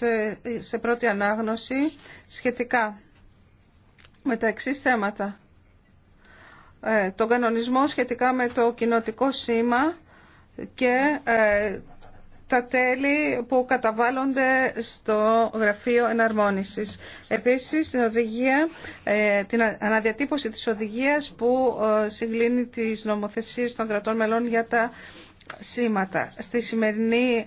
Ε, σε πρώτη ανάγνωση σχετικά με τα εξής θέματα. Ε, τον κανονισμό σχετικά με το κοινοτικό σήμα και ε, τα τέλη που καταβάλλονται στο Γραφείο Εναρμόνισης. Επίσης, την, οδηγία, την αναδιατύπωση της οδηγίας που συγκλίνει τις νομοθεσίες των κρατών μελών για τα σήματα. Στη σημερινή